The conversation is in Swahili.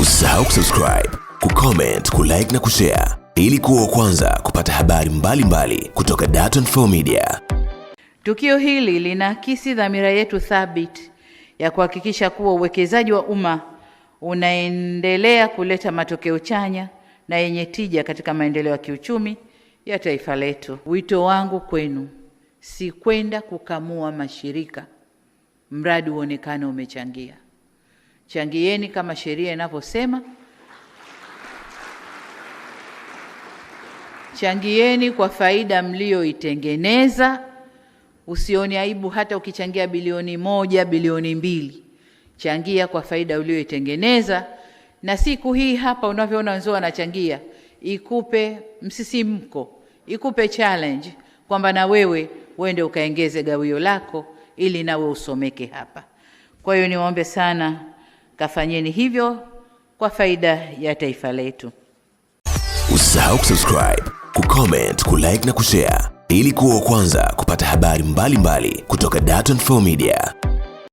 Usisahau kusubscribe, kucomment, kulike na kushare ili kuwa kwanza kupata habari mbalimbali mbali kutoka Dar24 Media. Tukio hili linaakisi dhamira yetu thabiti ya kuhakikisha kuwa uwekezaji wa umma unaendelea kuleta matokeo chanya na yenye tija katika maendeleo ya kiuchumi ya taifa letu. Wito wangu kwenu si kwenda kukamua mashirika mradi uonekane umechangia changieni kama sheria inavyosema, changieni kwa faida mlioitengeneza. Usioni aibu hata ukichangia bilioni moja, bilioni mbili, changia kwa faida ulioitengeneza. Na siku hii hapa unavyoona wenzao wanachangia, ikupe msisimko, ikupe challenge kwamba na wewe uende ukaengeze gawio lako ili nawe usomeke hapa. Kwa hiyo niwaombe sana Kafanyeni hivyo kwa faida ya taifa letu. Usisahau kusubscribe, kucomment, kulike na kushare ili kuwa wa kwanza kupata habari mbalimbali mbali kutoka Dar24 Media.